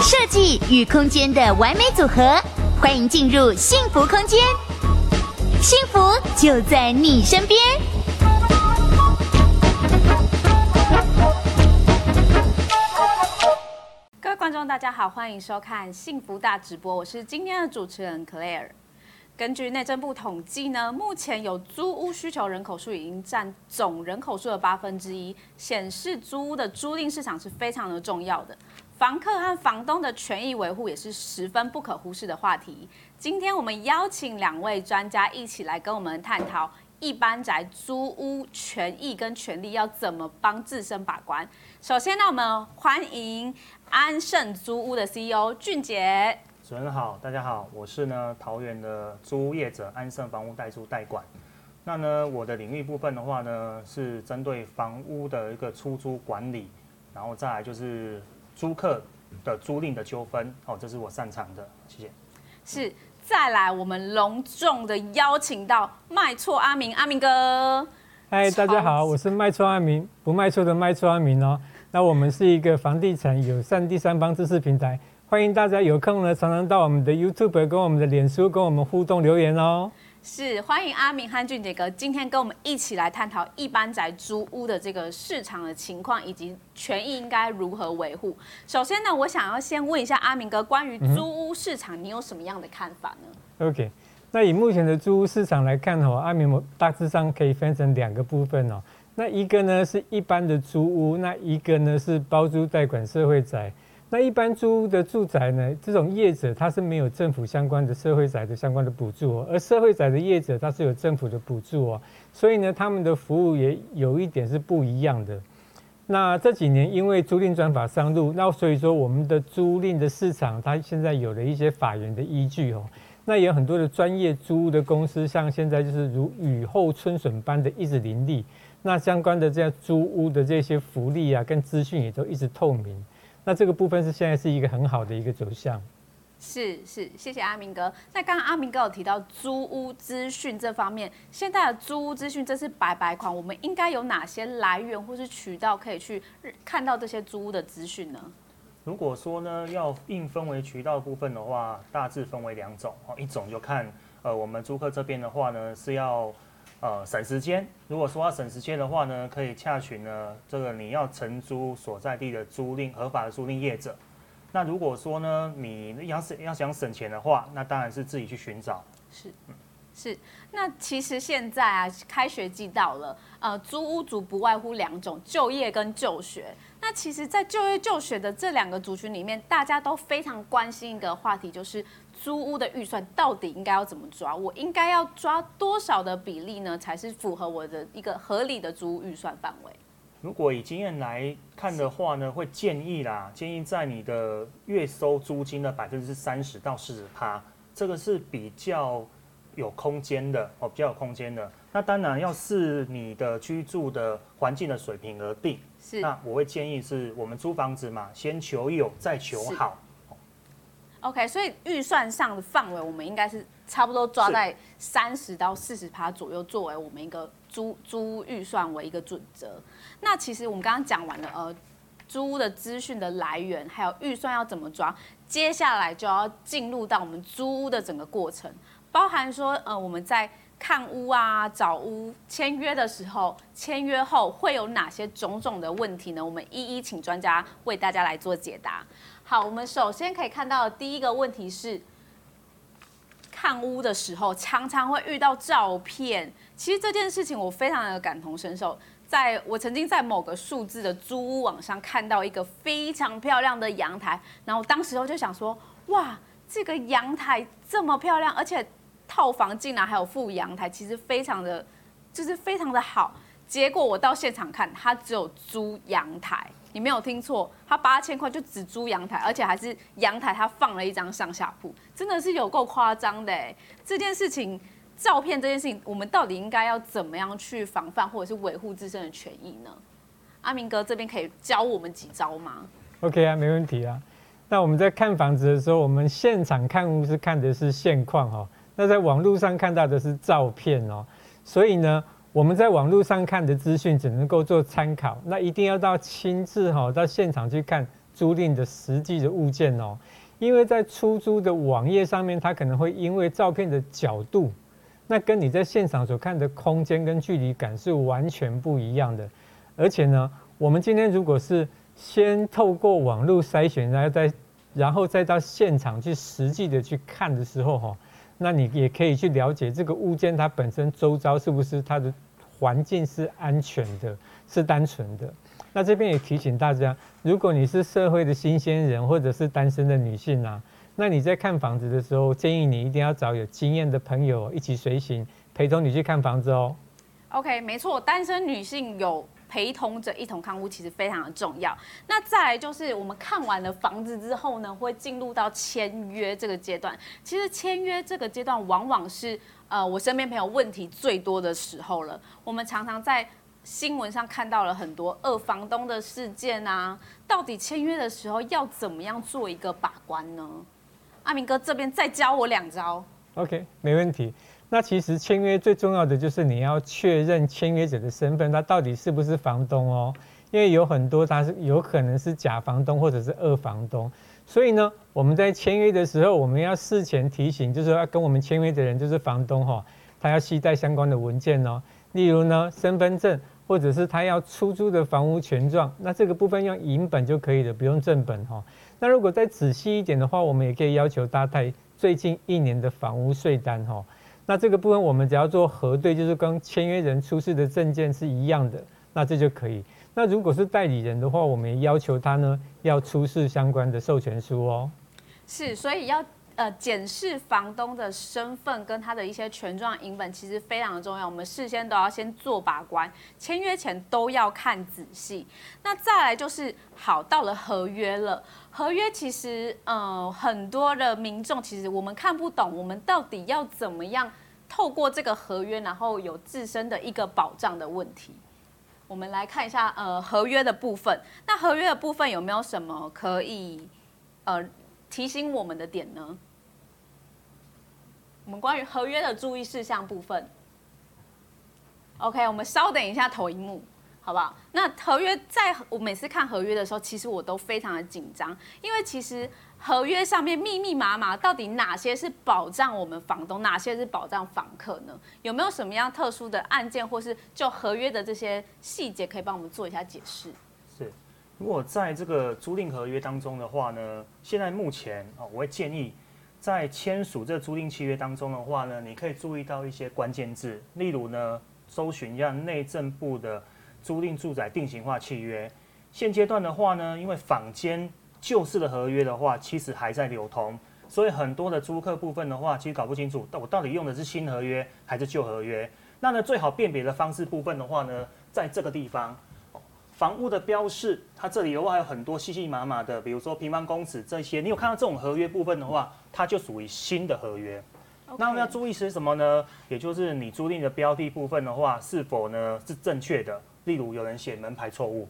設計與空間的完美組合，歡迎進入幸福空間，幸福就在你身邊。各位觀眾，大家好，歡迎收看《幸福大直播》，我是今天的主持人 Claire。根據內政部統計呢，目前有租屋需求人口數已經占總人口數的八分之一，8, 顯示租屋的租賃市場是非常的重要的。的房客和房東的權益維護也是十分不可忽視的話題。今天我們邀請兩位專家一起來跟我們探討一般宅租屋權益跟權利要怎麼幫自身把關。首先呢，我們歡迎安盛租屋的 CEO 俊傑。主持人好，大家好，我是呢桃園的租業者安盛房屋代租代管。那呢我的領域部分的話呢，是針對房屋的一個出租管理，然後再來就是租客的租賃的糾紛，哦，這是我擅長的。謝謝。是，再來我們隆重的邀請到賣厝阿明，阿明哥。嗨，大家好，從我是賣厝阿明，不賣錯的賣厝阿明哦。那我們是一個房地產友善第三方知識平台。歡迎大家有空呢，常常到我們的 YouTube 跟我們的臉書跟我們互動留言哦。是，歡迎阿明和俊杰哥，今天跟我們一起來探討一般宅租屋的這個市場的情況以及權益應該如何維護。首先呢，我想要先問一下阿明哥，關於租屋市場你有什麼樣的看法呢？嗯。OK，那以目前的租屋市場來看哦，阿明大致上可以分成兩個部分哦。那一個呢是一般的租屋，那一個呢是包租代管社會宅。那一般租屋的住宅呢，這種業者他是沒有政府相關的社會宅的相關的補助哦，而社會宅的業者他是有政府的補助哦，所以呢，他們的服務也有一點是不一樣的。那這幾年因為租賃專法上路，那所以說我們的租賃的市場它現在有了一些法源的依據哦。那也有很多的專業租屋的公司，像現在就是如雨後春筍般的一直林立，那相關的這些租屋的這些福利啊，跟資訊也都一直透明。那這個部分是現在是一個很好的一個走向。是是，謝謝阿明哥。那剛剛阿明哥有提到租屋資訊這方面，現在的租屋資訊真是百百款，我們應該有哪些來源或是渠道可以去看到這些租屋的資訊呢？如果說呢，要硬分為渠道部分的話，大致分為兩種哦，一種就看呃我們租客這邊的話呢是要。呃，省時間。如果說要省時間的話呢，可以洽詢呢這個你要承租所在地的租賃合法的租賃業者。那如果說呢你要省要想省錢的話，那當然是自己去尋找。是，是。那其實現在啊，開學季到了，呃，租屋族不外乎兩種，就業跟就學。那其實，在就業就學的這兩個族群裡面，大家都非常關心一個話題，就是。租屋的預算到底應該要怎麼抓？我應該要抓多少的比例呢？才是符合我的一個合理的租屋預算範圍？如果以經驗來看的話呢，是會建議啦，建議在你的月收租金的百分之三十到四十趴，這個是比較有空間的哦，比較有空間的。那當然，要視你的居住的環境的水平而定，是，那我會建議是我們租房子嘛，先求有再求好。OK，所以預算上的範圍，我們應該是差不多抓在三十到四十趴左右，作為我們一個租租屋預算為一個準則。那其實我們剛剛講完了，呃，租屋的資訊的來源，還有預算要怎麼抓，接下來就要進入到我們租屋的整個過程，包含說，呃，我們在。看屋啊，找屋，簽約的時候，簽約後會有哪些種種的問題呢？我們一一請專家為大家來做解答。好，我們首先可以看到的第一個問題是看屋的時候常常會遇到照片，其實這件事情我非常的感同身受，在我曾經在某個數字的租屋網上看到一個非常漂亮的陽台，然後當時我就想說，哇，這個陽台這麼漂亮，而且。套房竟然還有附陽台，其實非常的，就是非常的好。結果我到現場看，他，只有租陽台，你沒有聽錯，他八千塊就只租陽台，而且還是陽台他放了一張上下鋪，真的是有夠誇張的。這件事情，照片，這件事情，我們到底應該要怎麼樣去防範，或者是維護自身的權益呢？阿明哥這邊可以教我們幾招嗎？OK 啊，沒問題啊。那我們在看房子的時候，我們現場看屋是看的是現況哈。那在網絡上看到的是照片哦，所以呢，我們在網絡上看的資訊只能夠做參考，那一定要到親自哈，到現場去看租賃的實際的物件哦，因為在出租的網頁上面，它可能會因為照片的角度，那跟你在現場所看的空間跟距離感是完全不一樣的，而且呢，我們今天如果是先透過網絡篩選，然後再然後再到現場去實際的去看的時候吼哦。那你也可以去了解這個物件，它本身周遭是不是它的環境是安全的，是單純的。那這邊也提醒大家，如果你是社會的新鮮人或者是單身的女性啊，那你在看房子的時候，建議你一定要找有經驗的朋友一起隨行，陪同你去看房子哦。OK，沒錯，單身女性有。陪同者一同看屋其實非常的重要。那再來就是我們看完了房子之後呢，會進入到簽約這個階段。其實簽約這個階段往往是呃我身邊朋友問題最多的時候了。我們常常在新聞上看到了很多二房東的事件啊，到底簽約的時候要怎麼樣做一個把關呢？阿明哥這邊再教我兩招。OK，沒問題。那其實簽約最重要的就是你要確認簽約者的身份，他到底是不是房東哦？因為有很多他是有可能是假房東或者是二房東，所以呢，我們在簽約的時候，我們要事前提醒，就是說要跟我們簽約的人就是房東哦，他要攜帶相關的文件哦，例如呢，身份證或者是他要出租的房屋權狀，那這個部分用影本就可以了，不用正本哦，那如果再仔細一點的話，我們也可以要求他帶最近一年的房屋稅單哦。那這個部分我們只要做核對，就是跟簽約人出示的證件是一樣的，那這就可以。那如果是代理人的話，我們也要求他呢要出示相關的授權書哦。是，所以要。呃，檢視房東的身份跟他的一些權狀、影本，其實非常重要。我們事先都要先做把關，簽約前都要看仔細。那再來就是，好，到了合約了，合約其實，呃，很多的民眾其實我們看不懂，我們到底要怎麼樣透過這個合約，然後有自身的一個保障的問題。我們來看一下，呃，合約的部分。那合約的部分有沒有什麼可以，呃，提醒我們的點呢？我們關於合約的注意事項部分，OK，我們稍等一下投影幕，好不好？那合約在我每次看合約的時候，其實我都非常的緊張，因為其實合約上面密密麻麻，到底哪些是保障我們房東，哪些是保障房客呢？有沒有什麼樣特殊的案件，或是就合約的這些細節，可以幫我們做一下解釋？是，如果在這個租賃合約當中的話呢，現在目前我會建議。在簽署這租賃契約當中的話呢，你可以注意到一些關鍵字，例如呢，搜尋一下內政部的租賃住宅定型化契約。現階段的話呢，因為坊間舊式的合約的話，其實還在流通，所以很多的租客部分的話，其實搞不清楚，那我到底用的是新合約還是舊合約？那呢，最好辨別的方式部分的話呢，在這個地方，房屋的標示，它這裡的話有很多密密麻麻的，比如說平方公尺這些，你有看到這種合約部分的話，它就屬於新的合約。Okay. 那我們要注意些什麼呢？也就是你租賃的標的部分的話，是否呢是正確的？例如有人寫門牌錯誤。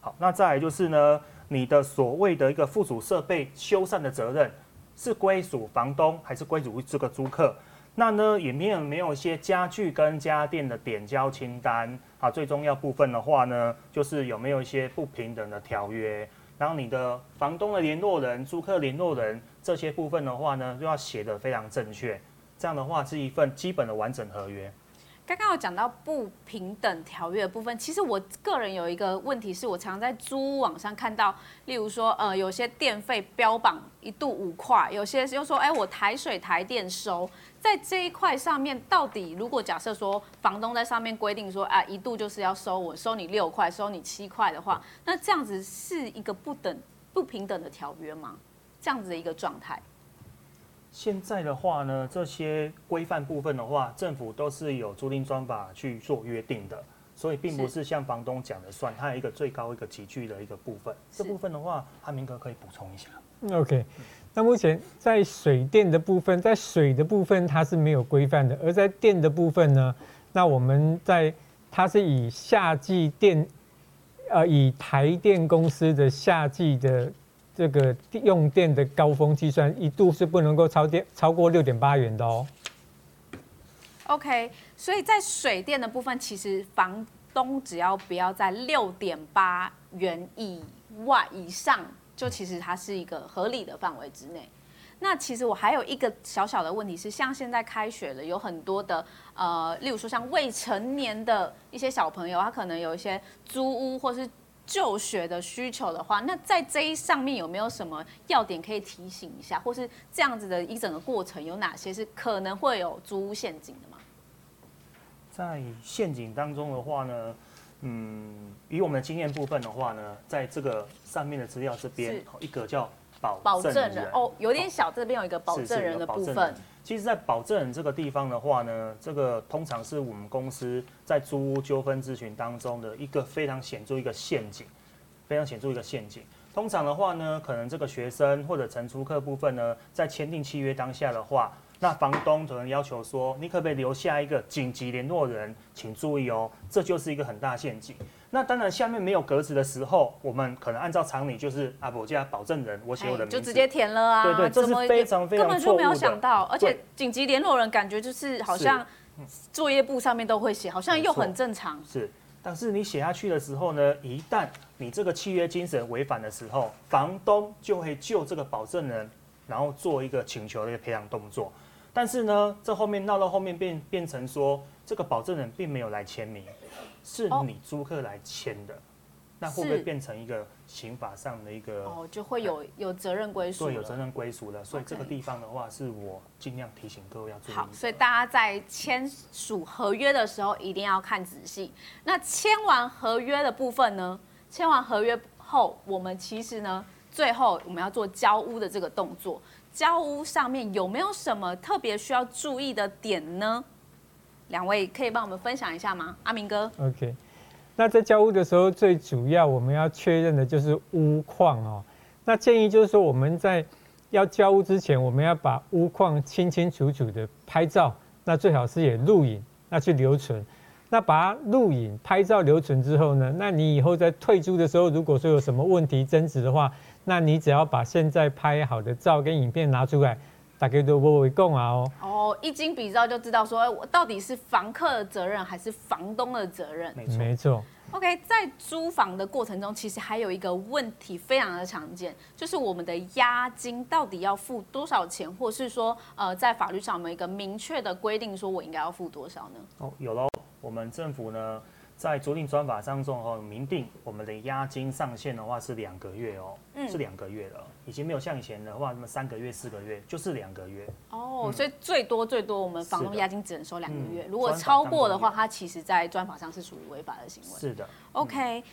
好，那再來就是呢，你的所謂的一個附屬設備修繕的責任是歸屬房東還是歸屬於這個租客？那呢，也沒有沒有一些家具跟家電的點交清單？啊，最重要部分的話呢，就是有沒有一些不平等的條約？然後你的房東的聯絡人、租客聯絡人這些部分的話呢，就要寫得非常正確。這樣的話是一份基本的完整合約。剛剛有講到不平等條約的部分，其實我個人有一個問題，是我常在租網上看到，例如說，呃，有些電費標榜一度五塊，有些就說，哎、欸，我台水台電收。在這一塊上面，到底如果假設說房東在上面規定說啊，一度就是要收我收你六塊，收你七塊的話，那這樣子是一個不等、不平等的條約嗎？這樣子的一個狀態。現在的話呢，這些規範部分的話，政府都是有租賃專法去做約定的，所以並不是像房東講的算，是它有一個最高一個級距的一個部分。是這部分的話，阿明哥可以補充一下。OK。那目前在水電的部分，在水的部分它是沒有規範的，而在電的部分呢，那我們在它是以夏季電，呃，以台電公司的夏季的這個用電的高峰計算，一度是不能夠超電超過六點八元的哦、喔。OK，所以在水電的部分，其實房東只要不要在六點八元以外以上。就其實它是一個合理的範圍之內。那其實我還有一個小小的問題是，像現在開學了，有很多的呃，例如說像未成年的一些小朋友，他可能有一些租屋或是就學的需求的話，那在這一上面有沒有什麼要點可以提醒一下，或是這樣子的一整個過程有哪些是可能會有租屋陷阱的嗎？在陷阱當中的話呢？嗯，以我們的經驗部分的話呢，在這個上面的資料這邊，是一個叫保證人、保證人哦，有點小，保這邊有一個保證人的部分。是是，其實，在保證人這個地方的話呢，這個通常是我們公司在租屋糾紛諮詢當中的一個非常顯著一個陷阱，非常顯著一個陷阱。通常的話呢，可能這個學生或者承租客部分呢，在簽訂契約當下的話，那房東可能要求說，你可不可以留下一個緊急聯絡人？請注意哦，這就是一個很大陷阱。那當然，下面沒有格子的時候，我們可能按照常理就是啊，我叫他保證人，我寫我的名字，哎。就直接填了啊？對，對對，這是非常非常錯誤的。根本就沒有想到，而且緊急聯絡人感覺就是好像作業簿上面都會寫，好像又很正常。是，但是你寫下去的時候呢，一旦你這個契約精神違反的時候，房東就會就這個保證人，然後做一個請求的一個賠償動作。但是呢，這後面鬧到後面變變成說，這個保證人並沒有來簽名，是你租客來簽的，哦、那會不會變成一個刑法上的一個？哦，就會有有責任歸屬、啊。對，有責任歸屬的，Okay. 所以這個地方的話，是我盡量提醒各位要注意。好，所以大家在簽署合約的時候一定要看仔細。那簽完合約的部分呢？簽完合約後，我們其實呢，最後我們要做交屋的這個動作。交屋上面有沒有什麼特別需要注意的點呢？兩位可以幫我們分享一下嗎？阿明哥，OK。那在交屋的時候，最主要我們要確認的就是屋況哦、喔。那建議就是說，我們在要交屋之前，我們要把屋況清清楚楚的拍照，那最好是也錄影，那去留存。那把它錄影、拍照留存之後呢，那你以後在退租的時候，如果說有什麼問題爭執的話，那你只要把現在拍好的照跟影片拿出來，大家都不會講啊！哦哦，一經比照就知道說，哎，我到底是房客的責任還是房東的責任？沒錯，沒錯。OK，在租房的過程中，其實還有一個問題非常的常見，就是我們的押金到底要付多少錢，或是說，呃，在法律上有沒有一個明確的規定，說我應該要付多少呢？哦，有嘍。我們政府呢，在租賃專法當中哦，明定我們的押金上限的話是兩個月哦，嗯、是兩個月了，已經沒有像以前的話那麼三個月、四個月，就是兩個月哦。嗯、所以最多最多，我們房東是的 押金只能收兩個月，如果超過的話，它其實在專法上是屬於違法的行為。是的、嗯、，OK。